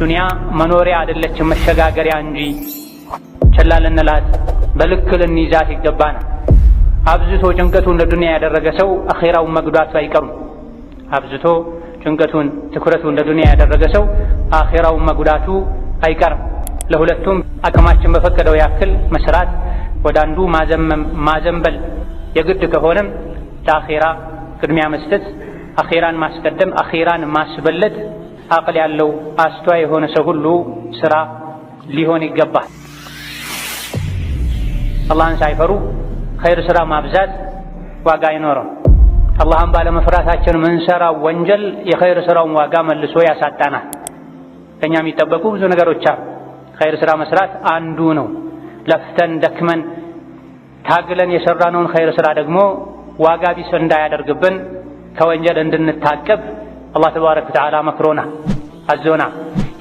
ዱንያ መኖሪያ አይደለችም፣ መሸጋገሪያ እንጂ። ችላ ልንላት በልክ ልንይዛት ይገባናል። አብዝቶ ጭንቀቱን ለዱንያ ያደረገ ሰው አኼራውን መጉዳቱ አይቀሩም። አብዝቶ ጭንቀቱን ትኩረቱን ለዱንያ ያደረገ ሰው አኼራውን መጉዳቱ አይቀርም። ለሁለቱም አቅማችን በፈቀደው ያክል መስራት፣ ወደ አንዱ ማዘመም ማዘንበል የግድ ከሆነም ለአኼራ ቅድሚያ መስጠት አኼራን ማስቀደም፣ አኼራን ማስበለጥ አቅል ያለው አስተዋይ የሆነ ሰው ሁሉ ስራ ሊሆን ይገባል። አላህን ሳይፈሩ ኸይር ስራ ማብዛት ዋጋ አይኖረም። አላህን ባለመፍራታችን ምንሰራው ወንጀል የኸይር ስራውን ዋጋ መልሶ ያሳጣናል። ከእኛ የሚጠበቁ ብዙ ነገሮች አሉ። ኸይር ስራ መስራት አንዱ ነው። ለፍተን ደክመን ታግለን የሰራነውን ኸይር ስራ ደግሞ ዋጋ ቢስ እንዳያደርግብን ከወንጀል እንድንታቀብ አላህ ተባረከ ወተዓላ መክሮና አዞና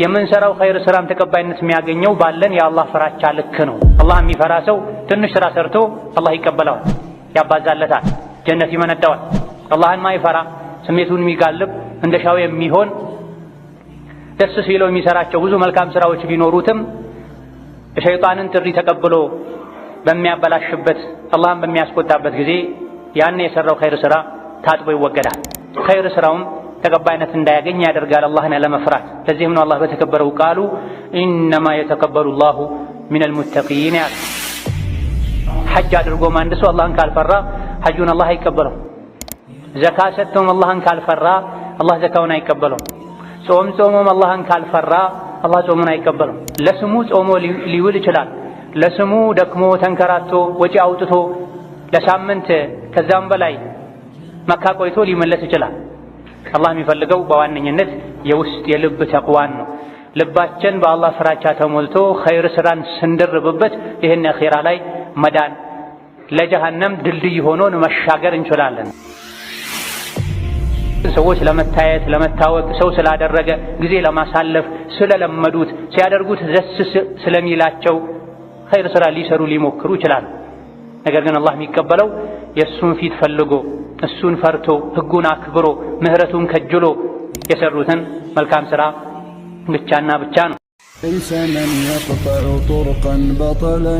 የምንሰራው ኸይር ስራም ተቀባይነት የሚያገኘው ባለን የአላህ ፍራቻ ልክ ነው። አላህ የሚፈራ ሰው ትንሽ ስራ ሰርቶ አላህ ይቀበለዋል፣ ያባዛለታል፣ ጀነት ይመነዳዋል። አላህን ማይፈራ ስሜቱን የሚጋልብ እንደ የሚሆን ደስ ሲለው የሚሰራቸው ብዙ መልካም ስራዎች ቢኖሩትም የሸይጣንን ጥሪ ተቀብሎ በሚያበላሽበት አላህን በሚያስቆጣበት ጊዜ ያን የሰራው ኸይር ስራ ታጥቦ ይወገዳል። ኸይር ስራውም ተቀባይነት እንዳያገኝ ያደርጋል አላህን ያለመፍራት። ለዚህም ነው አላህ በተከበረው ቃሉ ኢነማ የተቀበሉ ላሁ ሚነል ሙተቂን ያለ። ሐጅ አድርጎም አንድ ሰው አላህን ካልፈራ ሐጁን አላህ አይቀበለው። ዘካ ሰጥቶም አላህን ካልፈራ አላህ ዘካውን አይቀበለው። ጾም ጾሞም አላህን ካልፈራ አላህ ጾሙን አይቀበለው። ለስሙ ጾሞ ሊውል ይችላል። ለስሙ ደክሞ ተንከራቶ ወጪ አውጥቶ ለሳምንት ከዛም በላይ መካ ቆይቶ ሊመለስ ይችላል። አላህ የሚፈልገው በዋነኝነት የውስጥ የልብ ተቅዋን ነው። ልባችን በአላህ ፍራቻ ተሞልቶ ኸይር ስራን ስንደርብበት ይህን አኼራ ላይ መዳን ለጀሃነም ድልድይ ሆኖን መሻገር እንችላለን። ሰዎች ለመታየት ለመታወቅ፣ ሰው ስላደረገ፣ ጊዜ ለማሳለፍ ስለለመዱት፣ ሲያደርጉት ደስ ስለሚላቸው ኸይር ስራ ሊሰሩ ሊሞክሩ ይችላል። ነገር ግን አላህ የሚቀበለው የእሱን ፊት ፈልጎ እሱን ፈርቶ ሕጉን አክብሮ ምሕረቱን ከጅሎ የሰሩትን መልካም ሥራ ብቻና ብቻ ነው። ليس من يقطع طرقا بطلا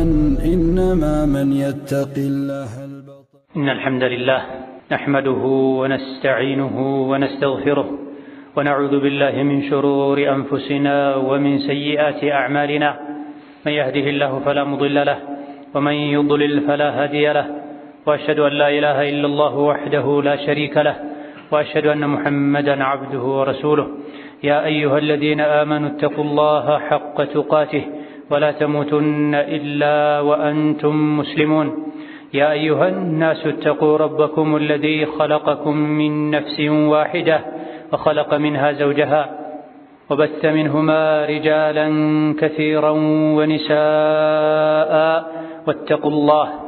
إنما من يتق الله البطل إن الحمد لله نحمده ونستعينه ونستغفره ونعوذ بالله من شرور أنفسنا ومن سيئات أعمالنا من يهده الله فلا مضل له ومن يضلل فلا هادي له واشهد ان لا اله الا الله وحده لا شريك له واشهد ان محمدا عبده ورسوله يا ايها الذين امنوا اتقوا الله حق تقاته ولا تموتن الا وانتم مسلمون يا ايها الناس اتقوا ربكم الذي خلقكم من نفس واحده وخلق منها زوجها وبث منهما رجالا كثيرا ونساء واتقوا الله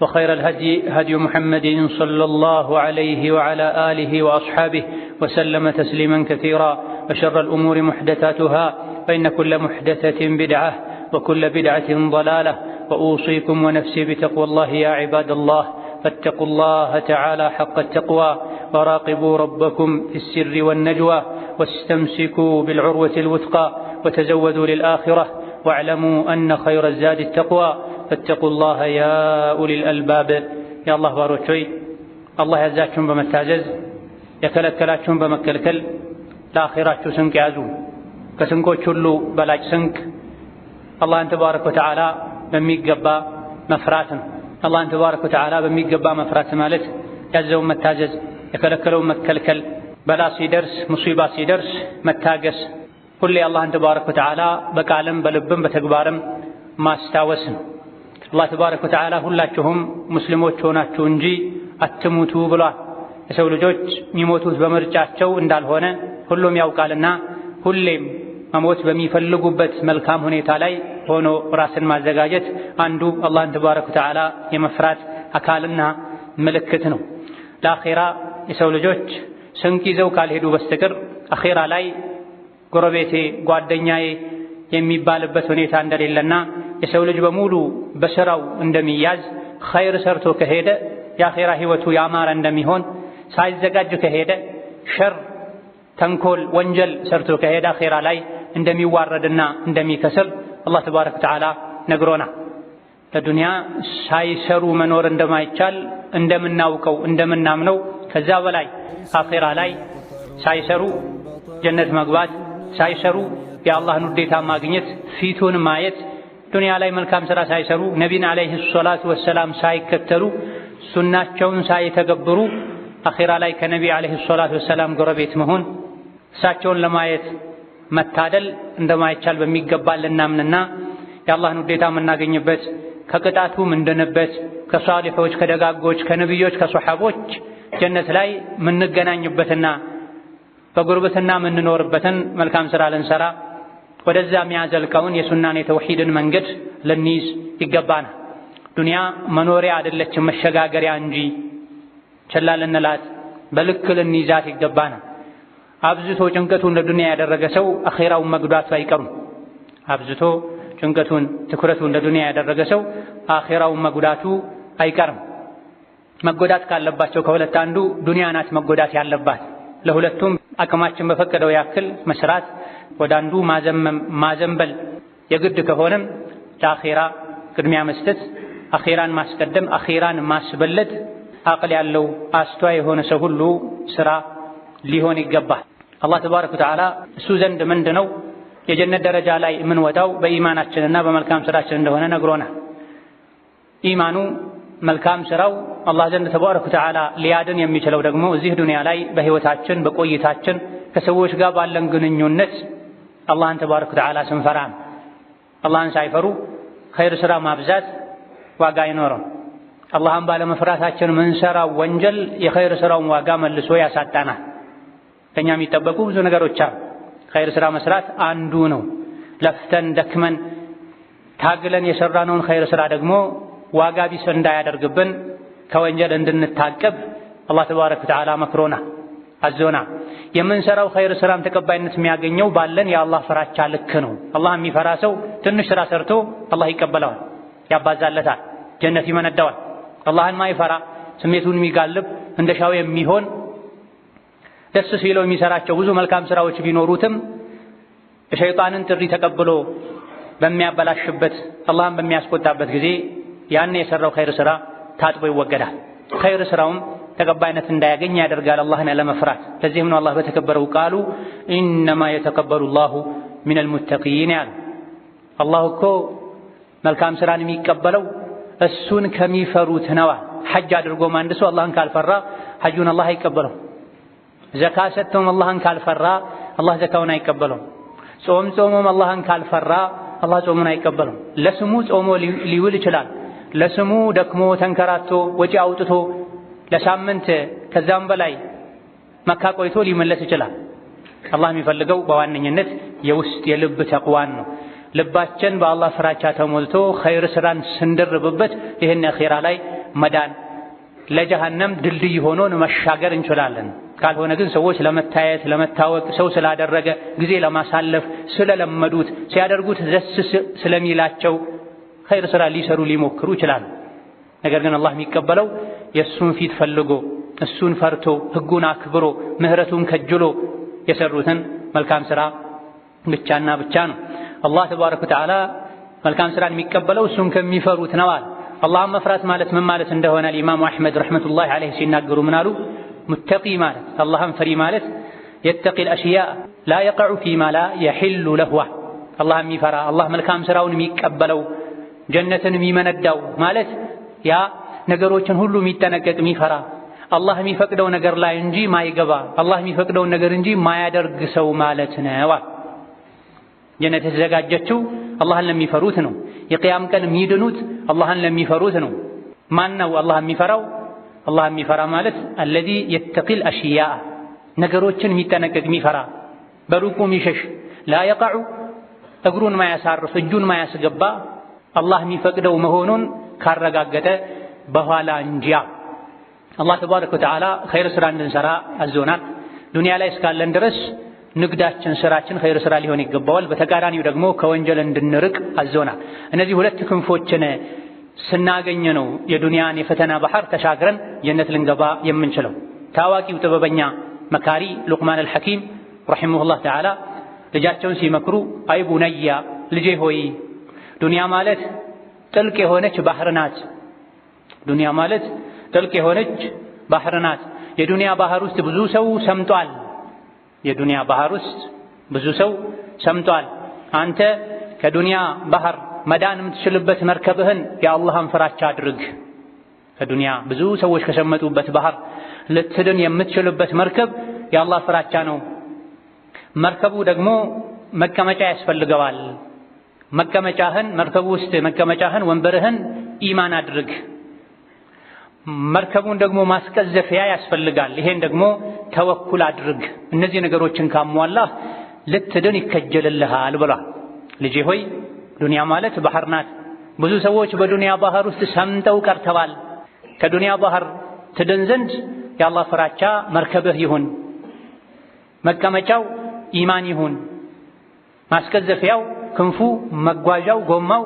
وخير الهدي هدي محمد صلى الله عليه وعلى آله وأصحابه وسلم تسليما كثيرا وشر الأمور محدثاتها فإن كل محدثة بدعة وكل بدعة ضلالة وأوصيكم ونفسي بتقوى الله يا عباد الله فاتقوا الله تعالى حق التقوى وراقبوا ربكم في السر والنجوى واستمسكوا بالعروة الوثقى وتزودوا للآخرة واعلموا أن خير الزاد التقوى فاتقوا الله يا أولي الألباب يا الله باروشوي الله يزاكم بمساجز يكلكلاكم بمكلكل خيرات سنك يازون كسنكو تشلو بلاج سنك الله تبارك وتعالى بميك قبا مفرات الله تبارك وتعالى بميك قبا مفرات مالت يزاو متاجز يكلكلو مكلكل بلا سيدرس مصيبة سيدرس متاجس كل الله تبارك وتعالى بكالم بلبن بتكبارم ما استاوسن አላህ ተባረከ ወተዓላ ሁላችሁም ሙስሊሞች ሆናችሁ እንጂ አትሙቱ ብሏል። የሰው ልጆች የሚሞቱት በምርጫቸው እንዳልሆነ ሁሉም ያውቃልና ሁሌም መሞት በሚፈልጉበት መልካም ሁኔታ ላይ ሆኖ ራስን ማዘጋጀት አንዱ አላህን ተባረከ ወተዓላ የመፍራት አካልና ምልክት ነው። ለአኼራ የሰው ልጆች ስንቅ ይዘው ካልሄዱ በስተቀር አኼራ ላይ ጎረቤቴ፣ ጓደኛዬ የሚባልበት ሁኔታ እንደሌለና የሰው ልጅ በሙሉ በስራው እንደሚያዝ ኸይር ሰርቶ ከሄደ የአኼራ ህይወቱ ያማረ እንደሚሆን ሳይዘጋጅ ከሄደ ሸር፣ ተንኮል፣ ወንጀል ሰርቶ ከሄደ አኼራ ላይ እንደሚዋረድና እንደሚከስር አላህ ተባረከ ወተዓላ ነግሮና ለዱንያ ሳይሰሩ መኖር እንደማይቻል እንደምናውቀው እንደምናምነው ከዛ በላይ አኼራ ላይ ሳይሰሩ ጀነት መግባት ሳይሰሩ የአላህን ውዴታ ማግኘት ፊቱን ማየት ዱንያ ላይ መልካም ሥራ ሳይሰሩ ነቢን ዓለይሂ ሰላቱ ወሰላም ሳይከተሉ ሱናቸውን ሳይተገብሩ አኼራ ላይ ከነቢ ዓለይሂ ሰላቱ ወሰላም ጎረቤት መሆን እሳቸውን ለማየት መታደል እንደማይቻል በሚገባ ልናምንና የአላህን ውዴታ የምናገኝበት ከቅጣቱ ምንድንበት ከሷሊሖች ከደጋጎች ከነቢዮች ከሶሐቦች ጀነት ላይ ምንገናኝበትና በጉርብትና ምንኖርበትን መልካም ሥራ ልንሰራ ወደዛ የሚያዘልቀውን የሱናን የተውሂድን መንገድ ልንይዝ ይገባና ዱንያ መኖሪያ አይደለችም መሸጋገሪያ እንጂ ችላ ልንላት በልክ ልንይዛት ይገባና አብዝቶ ጭንቀቱን ለዱንያ ያደረገ ሰው አኼራውን መጉዳቱ አይቀሩም። አብዝቶ ጭንቀቱን ትኩረቱን ለዱንያ ያደረገ ሰው አኼራውን መጉዳቱ አይቀርም። መጎዳት ካለባቸው ከሁለት አንዱ ዱንያ ናት መጎዳት ያለባት። ለሁለቱም አቅማችን በፈቀደው ያክል መስራት፣ ወደ አንዱ ማዘንበል የግድ ከሆነም ለአኼራ ቅድሚያ መስጠት፣ አኼራን ማስቀደም፣ አኼራን ማስበለጥ አቅል ያለው አስተዋይ የሆነ ሰው ሁሉ ስራ ሊሆን ይገባል። አላህ ተባረከ ወተዓላ እሱ ዘንድ ነው? የጀነት ደረጃ ላይ የምንወጣው በኢማናችንና በመልካም ስራችን እንደሆነ ነግሮናል። ኢማኑ መልካም ስራው አላህ ዘንድ ተባረከ ወተዓላ ሊያድን የሚችለው ደግሞ እዚህ ዱንያ ላይ በህይወታችን በቆይታችን ከሰዎች ጋር ባለን ግንኙነት አላህን ተባረከ ወተዓላ ስንፈራ አላህን ሳይፈሩ ኸይር ስራ ማብዛት ዋጋ አይኖረም። አላህን ባለመፍራታችን ምንሰራው ወንጀል የኸይር ስራውን ዋጋ መልሶ ያሳጣናል። ከኛ የሚጠበቁ ብዙ ነገሮች አሉ። ኸይር ስራ መስራት አንዱ ነው። ለፍተን ደክመን ታግለን የሰራነውን ኸይር ስራ ደግሞ ዋጋ ቢስ እንዳያደርግብን ከወንጀል እንድንታቀብ አላህ ተባረከ ወተዓላ መክሮና አዞና የምንሰራው ኸይር ስራም ተቀባይነት የሚያገኘው ባለን የአላህ ፍራቻ ልክ ነው። አላህ የሚፈራ ሰው ትንሽ ስራ ሰርቶ አላህ ይቀበለዋል፣ ያባዛለታል፣ ጀነት ይመነዳዋል። አላህን ማይፈራ ስሜቱን የሚጋልብ እንደ ሻው የሚሆን ደስ ሲለው የሚሰራቸው ብዙ መልካም ስራዎች ቢኖሩትም የሸይጣንን ጥሪ ተቀብሎ በሚያበላሽበት አላህን በሚያስቆጣበት ጊዜ ያን የሰራው ኸይር ስራ ታጥቦ ይወገዳል። ኸይር ስራውም ተቀባይነት እንዳያገኝ ያደርጋል አላህን ለመፍራት ለዚህም ነው አላህ በተከበረው ቃሉ ኢነማ የተቀበሉ ላሁ ሚነል ሙተቂን ያሉ። አላህ እኮ መልካም ስራን የሚቀበለው እሱን ከሚፈሩት ነዋል። ሐጅ አድርጎም አንድ ሰው አላህን ካልፈራ ሐጁን አላህ አይቀበለው። ዘካ ሰጥቶም አላህን ካልፈራ አላህ ዘካውን አይቀበለው። ጾም ጾሞም አላህን ካልፈራ አላህ ጾሙን አይቀበለው። ለስሙ ጾሞ ሊውል ይችላል ለስሙ ደክሞ ተንከራቶ ወጪ አውጥቶ ለሳምንት ከዛም በላይ መካ ቆይቶ ሊመለስ ይችላል። አላህ የሚፈልገው በዋነኝነት የውስጥ የልብ ተቅዋን ነው። ልባችን በአላህ ፍራቻ ተሞልቶ ኸይር ስራን ስንደርብበት ይህን አኼራ ላይ መዳን ለጀሃነም ድልድይ ሆኖን መሻገር እንችላለን። ካልሆነ ግን ሰዎች ለመታየት ለመታወቅ፣ ሰው ስላደረገ ጊዜ ለማሳለፍ ስለለመዱት ሲያደርጉት ደስ ስለሚላቸው ኸይር ስራ ሊሰሩ ሊሞክሩ ይችላሉ። ነገር ግን አላህ የሚቀበለው የእሱን ፊት ፈልጎ እሱን ፈርቶ ህጉን አክብሮ ምህረቱን ከጅሎ የሰሩትን መልካም ስራ ብቻና ብቻ ነው። አላህ ተባረከ ወተዓላ መልካም ስራን የሚቀበለው እሱን ከሚፈሩት ነዋል። አላህን መፍራት ማለት ምን ማለት እንደሆነ ኢማሙ አሕመድ ረሕመቱላሂ ዐለይሂ ሲናገሩ ምን አሉ? ሙተቂ ማለት አላህን ፈሪ ማለት የተቂ ልአሽያ ላ የቀዑ ፊማ ላ የሒሉ ለህዋ አላህ የሚፈራ አላህ መልካም ስራውን የሚቀበለው ጀነትን የሚመነዳው ማለት ያ ነገሮችን ሁሉ የሚጠነቀቅ የሚፈራ አላህ የሚፈቅደው ነገር ላይ እንጂ ማይገባ አላህ የሚፈቅደውን ነገር እንጂ ማያደርግ ሰው ማለት ነው። ጀነት የተዘጋጀችው አላህን ለሚፈሩት ነው። የቅያም ቀን የሚድኑት አላህን ለሚፈሩት ነው። ማን ነው አላህ የሚፈራው? አላህ የሚፈራ ማለት አለዚ የተቂል አሽያ ነገሮችን የሚጠነቀቅ የሚፈራ በሩቁ የሚሸሽ ላ የቃዑ እግሩን ማያሳርፍ እጁን ማያስገባ አላህ የሚፈቅደው መሆኑን ካረጋገጠ በኋላ እንጂያ አላህ ተባረከ ወተዓላ ኸይር ስራ እንድንሰራ አዞናል። ዱንያ ላይ እስካለን ድረስ ንግዳችን፣ ስራችን ኸይር ስራ ሊሆን ይገባዋል። በተቃራኒው ደግሞ ከወንጀል እንድንርቅ አዞናል። እነዚህ ሁለት ክንፎችን ስናገኘ ነው የዱንያን የፈተና ባህር ተሻግረን ጀነት ልንገባ የምንችለው። ታዋቂው ጥበበኛ መካሪ ሉቅማን አልሐኪም ረሒመሁላህ ተዓላ ልጃቸውን ሲመክሩ አይ ቡነያ ልጄ ሆይ ዱንያ ማለት ጥልቅ የሆነች ባህር ናት። ዱንያ ማለት ጥልቅ የሆነች ባህር ናት። የዱንያ ባህር ውስጥ ብዙ ሰው ሰምጧል። የዱንያ ባህር ውስጥ ብዙ ሰው ሰምጧል። አንተ ከዱንያ ባህር መዳን የምትችልበት መርከብህን የአላህን ፍራቻ አድርግ። ከዱንያ ብዙ ሰዎች ከሰመጡበት ባህር ልትድን የምትችልበት መርከብ የአላህ ፍራቻ ነው። መርከቡ ደግሞ መቀመጫ ያስፈልገዋል። መቀመጫህን መርከቡ ውስጥ መቀመጫህን ወንበርህን ኢማን አድርግ። መርከቡን ደግሞ ማስቀዘፊያ ያስፈልጋል። ይሄን ደግሞ ተወኩል አድርግ። እነዚህ ነገሮችን ካሟላህ ልትድን ይከጀልልሃል ብሏል። ልጄ ሆይ ዱንያ ማለት ባህር ናት። ብዙ ሰዎች በዱንያ ባህር ውስጥ ሰምጠው ቀርተዋል። ከዱንያ ባህር ትድን ዘንድ የአላህ ፍራቻ መርከብህ ይሁን፣ መቀመጫው ኢማን ይሁን፣ ማስቀዘፊያው ክንፉ፣ መጓዣው፣ ጎማው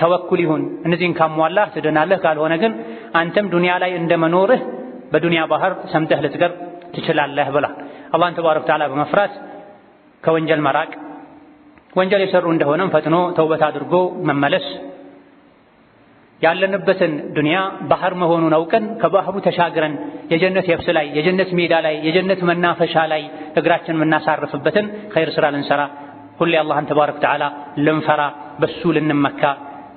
ተወኩል ይሁን። እነዚህን ካሟላ ትድናለህ፣ ካልሆነ ግን አንተም ዱንያ ላይ እንደመኖርህ በዱንያ ባህር ሰምተህ ልትገር ትችላለህ ብላ አላህን ተባረከ ወተዓላ በመፍራት ከወንጀል መራቅ፣ ወንጀል የሰሩ እንደሆነም ፈጥኖ ተውበት አድርጎ መመለስ፣ ያለንበትን ዱንያ ባህር መሆኑን አውቀን ከባህሩ ተሻግረን የጀነት የብስ ላይ፣ የጀነት ሜዳ ላይ፣ የጀነት መናፈሻ ላይ እግራችን የምናሳርፍበትን ኸይር ስራ ልንሰራ كل الله تبارك وتعالى لنفرى بسو مكة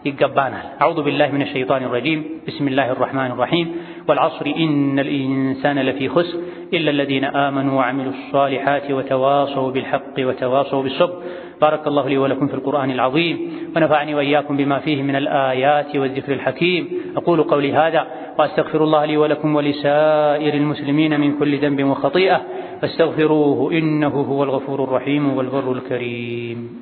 يقبانا أعوذ بالله من الشيطان الرجيم بسم الله الرحمن الرحيم والعصر إن الإنسان لفي خسر إلا الذين آمنوا وعملوا الصالحات وتواصوا بالحق وتواصوا بالصبر بارك الله لي ولكم في القرآن العظيم ونفعني وإياكم بما فيه من الآيات والذكر الحكيم أقول قولي هذا وأستغفر الله لي ولكم ولسائر المسلمين من كل ذنب وخطيئة فاستغفروه إنه هو الغفور الرحيم والبر الكريم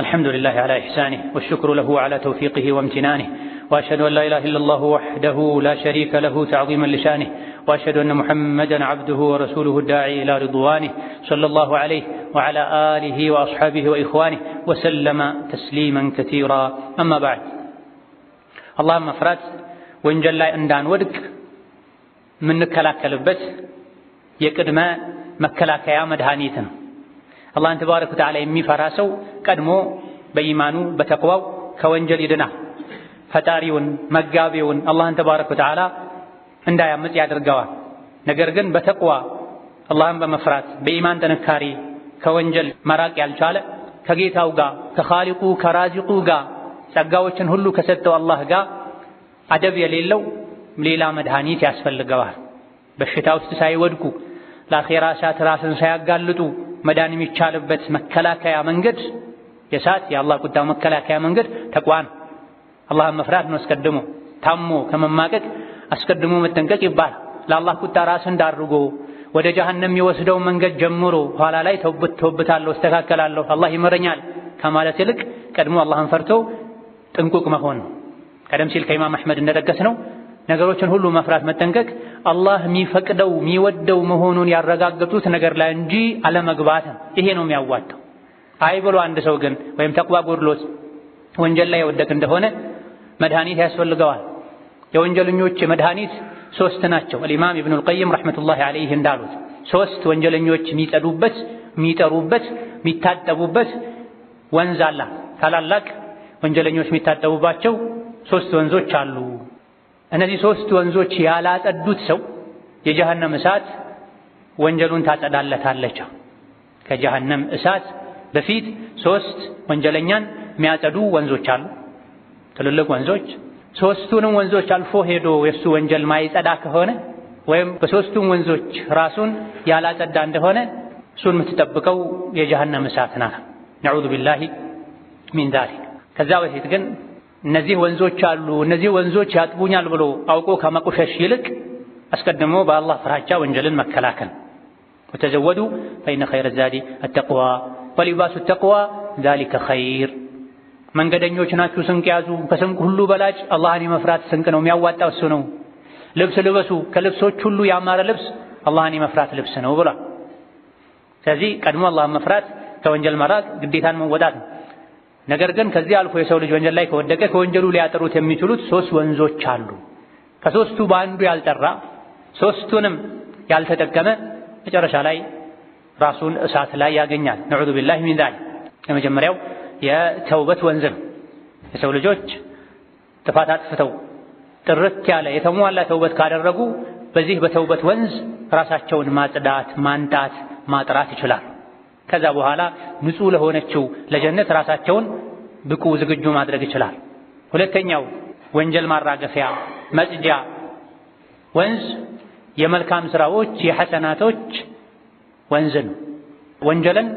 الحمد لله على إحسانه والشكر له على توفيقه وامتنانه وأشهد أن لا إله إلا الله وحده لا شريك له تعظيما لشانه وأشهد أن محمدا عبده ورسوله الداعي إلى رضوانه صلى الله عليه وعلى آله وأصحابه وإخوانه وسلم تسليما كثيرا أما بعد اللهم أفراد وإن جل أندان ودك من كلاك كلبت የቅድመ መከላከያ መድኃኒት ነው። አላህን ተባረክ ወተዓላ የሚፈራ ሰው ቀድሞ በኢማኑ በተቅዋው ከወንጀል ይድና ፈጣሪውን መጋቢውን አላህን ተባረክ ወተዓላ እንዳያምፅ ያደርገዋል። ነገር ግን በተቅዋ አላህን በመፍራት በኢማን ጥንካሬ ከወንጀል መራቅ ያልቻለ ከጌታው ጋር ከኻሊቁ ከራዚቁ ጋር ጸጋዎችን ሁሉ ከሰጠው አላህ ጋር አደብ የሌለው ሌላ መድኃኒት ያስፈልገዋል። በሽታ ውስጥ ሳይወድቁ ለአኼራ እሳት ራስን ሳያጋልጡ መዳን የሚቻልበት መከላከያ መንገድ የእሳት የአላህ ቁጣ መከላከያ መንገድ ተቋን አላህን መፍራት ነው። አስቀድሞ ታሞ ከመማቀቅ አስቀድሞ መጠንቀቅ ይባል። ለአላህ ቁጣ ራስን ዳርጎ ወደ ጀሀነም የሚወስደው መንገድ ጀምሮ ኋላ ላይ ተውብት ተውበታለሁ፣ እስተካከላለሁ፣ አላህ ይመረኛል ከማለት ይልቅ ቀድሞ አላህን ፈርቶ ጥንቁቅ መሆን ቀደም ሲል ከኢማም አሕመድ እንደጠቀስ ነው ነገሮችን ሁሉ መፍራት መጠንቀቅ አላህ የሚፈቅደው የሚወደው መሆኑን ያረጋገጡት ነገር ላይ እንጂ አለመግባትም ይሄ ነው የሚያዋጣው። አይ ብሎ አንድ ሰው ግን ወይም ተቅዋ ጎድሎት ወንጀል ላይ የወደቅ እንደሆነ መድኃኒት ያስፈልገዋል። የወንጀለኞች መድኃኒት ሶስት ናቸው። አልኢማም ኢብኑል ቀይም ረሕመቱላሂ ዓለይህ እንዳሉት ሶስት ወንጀለኞች የሚጸዱበት፣ የሚጠሩበት፣ የሚታጠቡበት ወንዝ አላ ታላላቅ ወንጀለኞች የሚታጠቡባቸው ሶስት ወንዞች አሉ። እነዚህ ሶስት ወንዞች ያላጸዱት ሰው የጀሃነም እሳት ወንጀሉን ታጸዳለታለች። ከጀሃነም እሳት በፊት ሶስት ወንጀለኛን የሚያጸዱ ወንዞች አሉ፣ ትልልቅ ወንዞች። ሶስቱንም ወንዞች አልፎ ሄዶ የእሱ ወንጀል ማይጸዳ ከሆነ ወይም በሶስቱም ወንዞች ራሱን ያላጸዳ እንደሆነ እሱን የምትጠብቀው የጀሃነም እሳት ናት። ነዑዙ ቢላሂ ሚን ዛሊክ። ከዛ በፊት ግን እነዚህ ወንዞች አሉ፣ እነዚህ ወንዞች ያጥቡኛል ብሎ አውቆ ከመቁሸሽ ይልቅ አስቀድሞ በአላህ ፍራቻ ወንጀልን መከላከል። ወተዘወዱ ፈኢነ ኸይረ ዛዲ አተቅዋ ወሊባሱ ተቅዋ ዛሊከ ኸይር። መንገደኞች ናችሁ ስንቅ ያዙ። ከስንቅ ሁሉ በላጭ አላህን የመፍራት ስንቅ ነው፣ የሚያዋጣው እሱ ነው። ልብስ ልበሱ፣ ከልብሶች ሁሉ ያማረ ልብስ አላህን የመፍራት ልብስ ነው ብሏል። ስለዚህ ቀድሞ አላህን መፍራት ከወንጀል መራቅ ግዴታን መወጣት ነው። ነገር ግን ከዚህ አልፎ የሰው ልጅ ወንጀል ላይ ከወደቀ ከወንጀሉ ሊያጠሩት የሚችሉት ሶስት ወንዞች አሉ። ከሶስቱ በአንዱ ያልጠራ ሶስቱንም ያልተጠቀመ መጨረሻ ላይ ራሱን እሳት ላይ ያገኛል። ነዑዙ ቢላሂ ሚን ዛሊክ። የመጀመሪያው የተውበት ወንዝ ነው። የሰው ልጆች ጥፋት አጥፍተው ጥርት ያለ የተሟላ ተውበት ካደረጉ በዚህ በተውበት ወንዝ ራሳቸውን ማጽዳት፣ ማንጣት፣ ማጥራት ይችላል። ከዛ በኋላ ንጹህ ለሆነችው ለጀነት ራሳቸውን ብቁ ዝግጁ ማድረግ ይችላል። ሁለተኛው ወንጀል ማራገፊያ መጽጃ ወንዝ የመልካም ስራዎች የሐሰናቶች ወንዝ ነው። ወንጀልን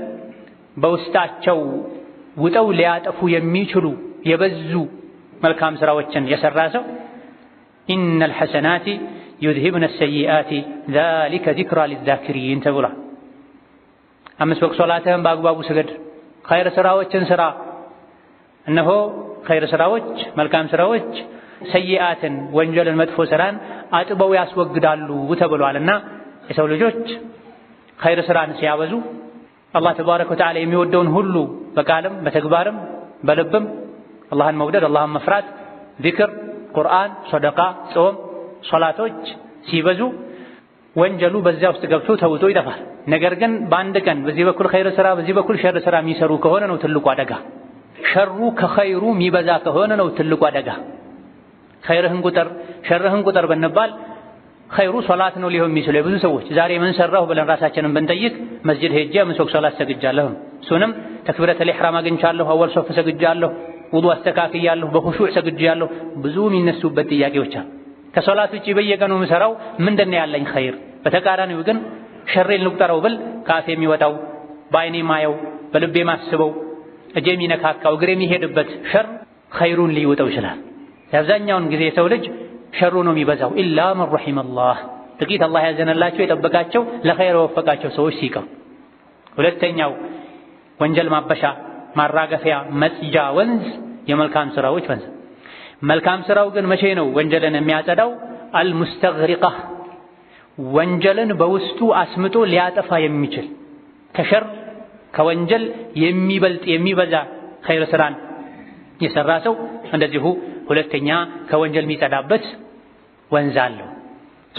በውስጣቸው ውጠው ሊያጠፉ የሚችሉ የበዙ መልካም ስራዎችን የሰራ ሰው ኢነል ሐሰናቲ ዩዝሂብነ ሰይአቲ ዛሊከ ዚክራ ሊዛክሪን ተብሏል። አምስት ወቅት ሶላትህን በአግባቡ ስገድ። ኸይር ስራዎችን ስራ። እነሆ ኸይር ስራዎች፣ መልካም ስራዎች ሰይአትን፣ ወንጀልን፣ መጥፎ ስራን አጥበው ያስወግዳሉ ተብሏልና የሰው ልጆች ኸይር ስራን ሲያበዙ አላህ ተባረከ ወተዓላ የሚወደውን ሁሉ በቃልም በተግባርም በልብም አላህን መውደድ አላህን መፍራት ዚክር፣ ቁርአን፣ ሰደቃ፣ ጾም፣ ሶላቶች ሲበዙ ወንጀሉ በዚያ ውስጥ ገብቶ ተውጦ ይጠፋል። ነገር ግን በአንድ ቀን በዚህ በኩል ኸይር ስራ፣ በዚህ በኩል ሸር ስራ የሚሰሩ ከሆነ ነው ትልቁ አደጋ። ሸሩ ከኸይሩ የሚበዛ ከሆነ ነው ትልቁ አደጋ። ኸይርህን ቁጥር ሸርህን ቁጥር ብንባል ኸይሩ ሶላት ነው ሊሆን የሚችለው። የብዙ ሰዎች ዛሬ ምን ሰራሁ ብለን ራሳችንን ብንጠይቅ መስጂድ ሄጄ ምሶክ ሶላት ሰግጃለሁ፣ እሱንም ተክቢረተል ኢሕራም አግኝቻለሁ፣ አወል ሶፍ ሰግጃለሁ፣ ውዱእ አስተካክያለሁ፣ በኹሹዕ ሰግጃለሁ። ብዙ የሚነሱበት ጥያቄዎች አሉ። ከሶላት ውጪ በየቀኑ የምሰራው ምንድነው ያለኝ ኸይር? በተቃራኒው ግን ሸሬን ልቁጠረው ብል ካፍ የሚወጣው በአይኔ ማየው በልቤ ማስበው እጄ የሚነካካው እግሬ የሚሄድበት ሸር ኸይሩን ሊውጠው ይችላል። የአብዛኛውን ጊዜ የሰው ልጅ ሸሩ ነው የሚበዛው። ኢላ መን ረሒመላህ ጥቂት አላህ ያዘነላቸው የጠበቃቸው ለኸይር የወፈቃቸው ሰዎች ሲቀር። ሁለተኛው ወንጀል ማበሻ ማራገፊያ መጽጃ ወንዝ የመልካም ስራዎች ወንዝ መልካም ስራው ግን መቼ ነው ወንጀልን የሚያጸዳው? አልሙስተግሪቃ ወንጀልን በውስጡ አስምጦ ሊያጠፋ የሚችል ከሸር ከወንጀል የሚበልጥ የሚበዛ ኸይር ስራን የሰራ ሰው እንደዚሁ ሁለተኛ ከወንጀል የሚጸዳበት ወንዝ አለው።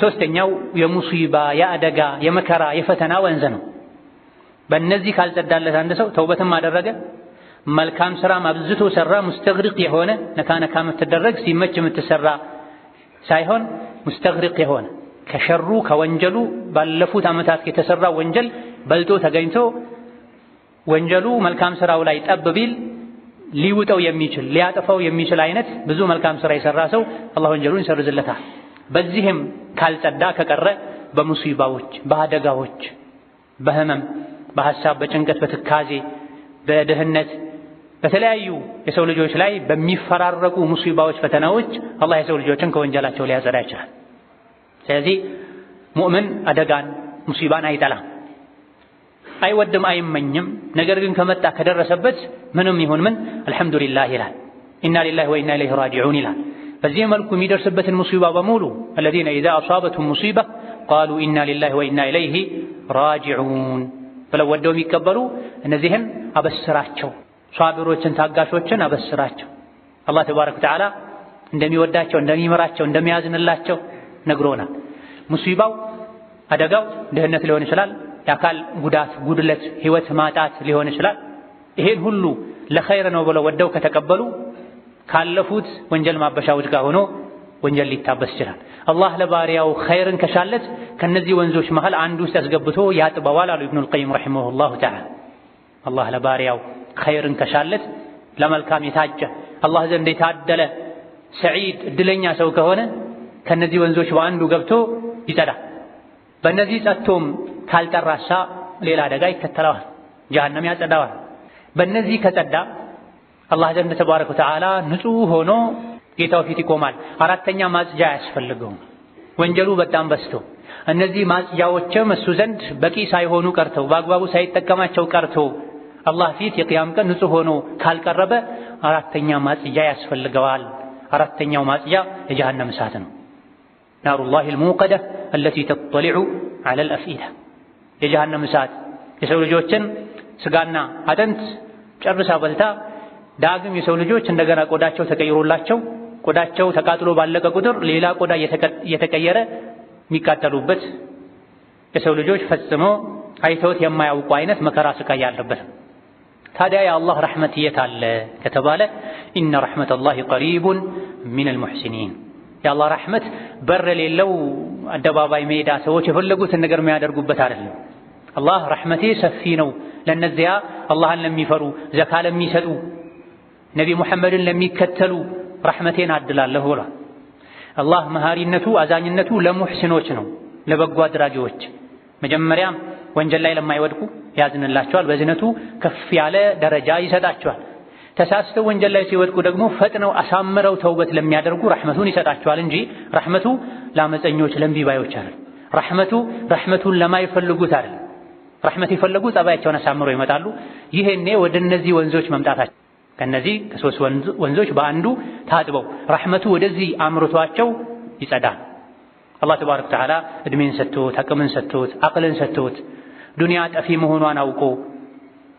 ሶስተኛው የሙሲባ የአደጋ የመከራ የፈተና ወንዝ ነው። በእነዚህ ካልጸዳለት አንድ ሰው ተውበትም አደረገ መልካም ስራ አብዝቶ ሰራ። ሙስተግሪቅ የሆነ ነካ ነካ የምትደረግ ሲመች የምትሰራ ሳይሆን ሙስተግሪቅ የሆነ ከሸሩ ከወንጀሉ ባለፉት ዓመታት የተሰራ ወንጀል በልጦ ተገኝቶ ወንጀሉ መልካም ስራው ላይ ጠብ ቢል ሊውጠው የሚችል ሊያጠፋው የሚችል አይነት ብዙ መልካም ስራ የሰራ ሰው አላህ ወንጀሉን ይሰርዝለታል። በዚህም ካልጸዳ ከቀረ በሙሲባዎች፣ በአደጋዎች፣ በህመም፣ በሐሳብ፣ በጭንቀት፣ በትካዜ፣ በድህነት በተለያዩ የሰው ልጆች ላይ በሚፈራረቁ ሙሲባዎች፣ ፈተናዎች አላህ የሰው ልጆችን ከወንጀላቸው ሊያጸዳ ይችላል። ስለዚህ ሙእምን አደጋን፣ ሙሲባን አይጠላም፣ አይወድም፣ አይመኝም። ነገር ግን ከመጣ ከደረሰበት ምንም ይሁን ምን አልሐምዱሊላህ ይላል። ኢና ሊላህ ወኢና ኢለይሂ ራጂዑን ይላል። በዚህ መልኩ የሚደርስበትን ሙሲባ በሙሉ አለዚነ ኢዛ አሷበቱም ሙሲባ ቃሉ ኢና ሊላሂ ወኢና ኢለይሂ ራጂዑን ብለው ወደው የሚቀበሉ እነዚህን አበስራቸው ሷቢሮችን ታጋሾችን አበስራቸው። አላህ ተባረከ ወተዓላ እንደሚወዳቸው እንደሚመራቸው እንደሚያዝንላቸው ነግሮናል። ሙሲባው አደጋው ድህነት ሊሆን ይችላል። የአካል ጉዳት፣ ጉድለት፣ ህይወት ማጣት ሊሆን ይችላል። ይሄን ሁሉ ለኸይር ነው ብለው ወደው ከተቀበሉ ካለፉት ወንጀል ማበሻዎች ጋር ሆኖ ወንጀል ሊታበስ ይችላል። አላህ ለባሪያው ኸይርን ከሻለት ከነዚህ ወንዞች መሃል አንድ ውስጥ ያስገብቶ ያጥበዋል አሉ ኢብኑል ቀይም ረሂመሁላሁ ተዓላ። አላህ ለባሪያው ኸይርን ከሻለት ለመልካም የታጀ አላህ ዘንድ የታደለ ሰዒድ እድለኛ ሰው ከሆነ ከነዚህ ወንዞች በአንዱ ገብቶ ይጸዳ። በእነዚህ ጸጥቶም ካልጠራሳ ሌላ አደጋ ይከተለዋል፣ ጀሃነም ያጸዳዋል። በእነዚህ ከጸዳ አላህ ዘንድ ተባረከ ወተዓላ ንጹህ ሆኖ ጌታው ፊት ይቆማል። አራተኛ ማጽጃ አያስፈልገውም። ወንጀሉ በጣም በስቶ እነዚህ ማጽጃዎችም እሱ ዘንድ በቂ ሳይሆኑ ቀርተው በአግባቡ ሳይጠቀማቸው ቀርቶ አላህ ፊት የቅያም ቀን ንጹህ ሆኖ ካልቀረበ አራተኛ ማጽጃ ያስፈልገዋል። አራተኛው ማጽጃ የጀሃነም እሳት ነው። ናሩላሂል ሙቀደ አለቲ ተጥሊዑ ዐለል አፍኢዳ የጀሃነም እሳት የሰው ልጆችን ስጋና አጥንት ጨርሳ በልታ ዳግም የሰው ልጆች እንደገና ቆዳቸው ተቀይሮላቸው ቆዳቸው ተቃጥሎ ባለቀ ቁጥር ሌላ ቆዳ እየተቀየረ የሚቃጠሉበት የሰው ልጆች ፈጽሞ አይተውት የማያውቁ አይነት መከራ ስቃይ ያለበት ታዲያ የአላህ ረሕመት የት አለ ከተባለ ኢነ ረሕመተላሂ ቀሪቡን ሚነል ሙሕሲኒን የአላህ ረሕመት በር የሌለው አደባባይ ሜዳ ሰዎች የፈለጉትን ነገር የሚያደርጉበት አይደለም። አላህ ረሕመቴ ሰፊ ነው ለእነዚያ አላህን ለሚፈሩ ዘካ ለሚሰጡ ነቢ ሙሐመድን ለሚከተሉ ረሕመቴን አድላለሁ ብሏል። አላህ መሃሪነቱ አዛኝነቱ ለሙሕሲኖች ነው ለበጎ አድራጊዎች መጀመሪያም ወንጀል ላይ ለማይወድቁ ያዝንላቸዋል፣ በዝነቱ ከፍ ያለ ደረጃ ይሰጣቸዋል። ተሳስተው ወንጀል ላይ ሲወድቁ ደግሞ ፈጥነው አሳምረው ተውበት ለሚያደርጉ ረሕመቱን ይሰጣቸዋል እንጂ ረሕመቱ ለአመፀኞች ለምቢባዮች አይደል። ረሕመቱ ረሕመቱን ለማይፈልጉት አይደል። ረሕመት የፈለጉ ጸባያቸውን አሳምረው ይመጣሉ። ይሄኔ ወደ እነዚህ ወንዞች መምጣታቸው ከነዚህ ከሶስት ወንዞች በአንዱ ታጥበው ረሕመቱ ወደዚህ አምርቷቸው ይጸዳል። አላህ ተባረከ ወተዓላ ዕድሜን ሰጥቶት አቅምን ሰጥቶት አቅልን ሰጥቶት ዱንያ ጠፊ መሆኗን አውቆ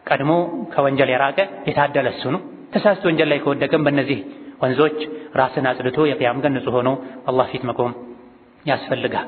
ቀድሞ ከወንጀል የራቀ የታደለ እሱ ነው። ተሳስቶ ወንጀል ላይ ከወደቀም በእነዚህ ወንዞች ራስን አጽድቶ የቅያም ቀን ንጹሕ ሆኖ አላህ ፊት መቆም ያስፈልጋል።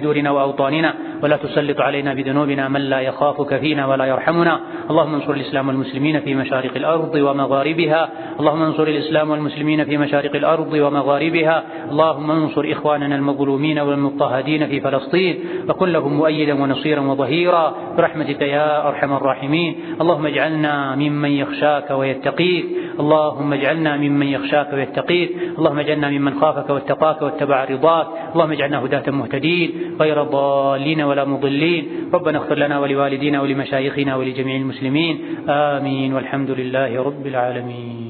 دورنا وأوطاننا ولا تسلط علينا بذنوبنا من لا يخافك فينا ولا يرحمنا اللهم انصر الإسلام والمسلمين في مشارق الأرض ومغاربها اللهم انصر الإسلام والمسلمين في مشارق الأرض ومغاربها اللهم انصر إخواننا المظلومين والمضطهدين في فلسطين وكن لهم مؤيدا ونصيرا وظهيرا برحمتك يا أرحم الراحمين اللهم اجعلنا ممن يخشاك ويتقيك اللهم اجعلنا ممن يخشاك ويتقيك اللهم اجعلنا ممن خافك واتقاك واتبع رضاك اللهم اجعلنا هداة مهتدين غير ضالين ولا مضلين ربنا اغفر لنا ولوالدينا ولمشايخنا ولجميع المسلمين آمين والحمد لله رب العالمين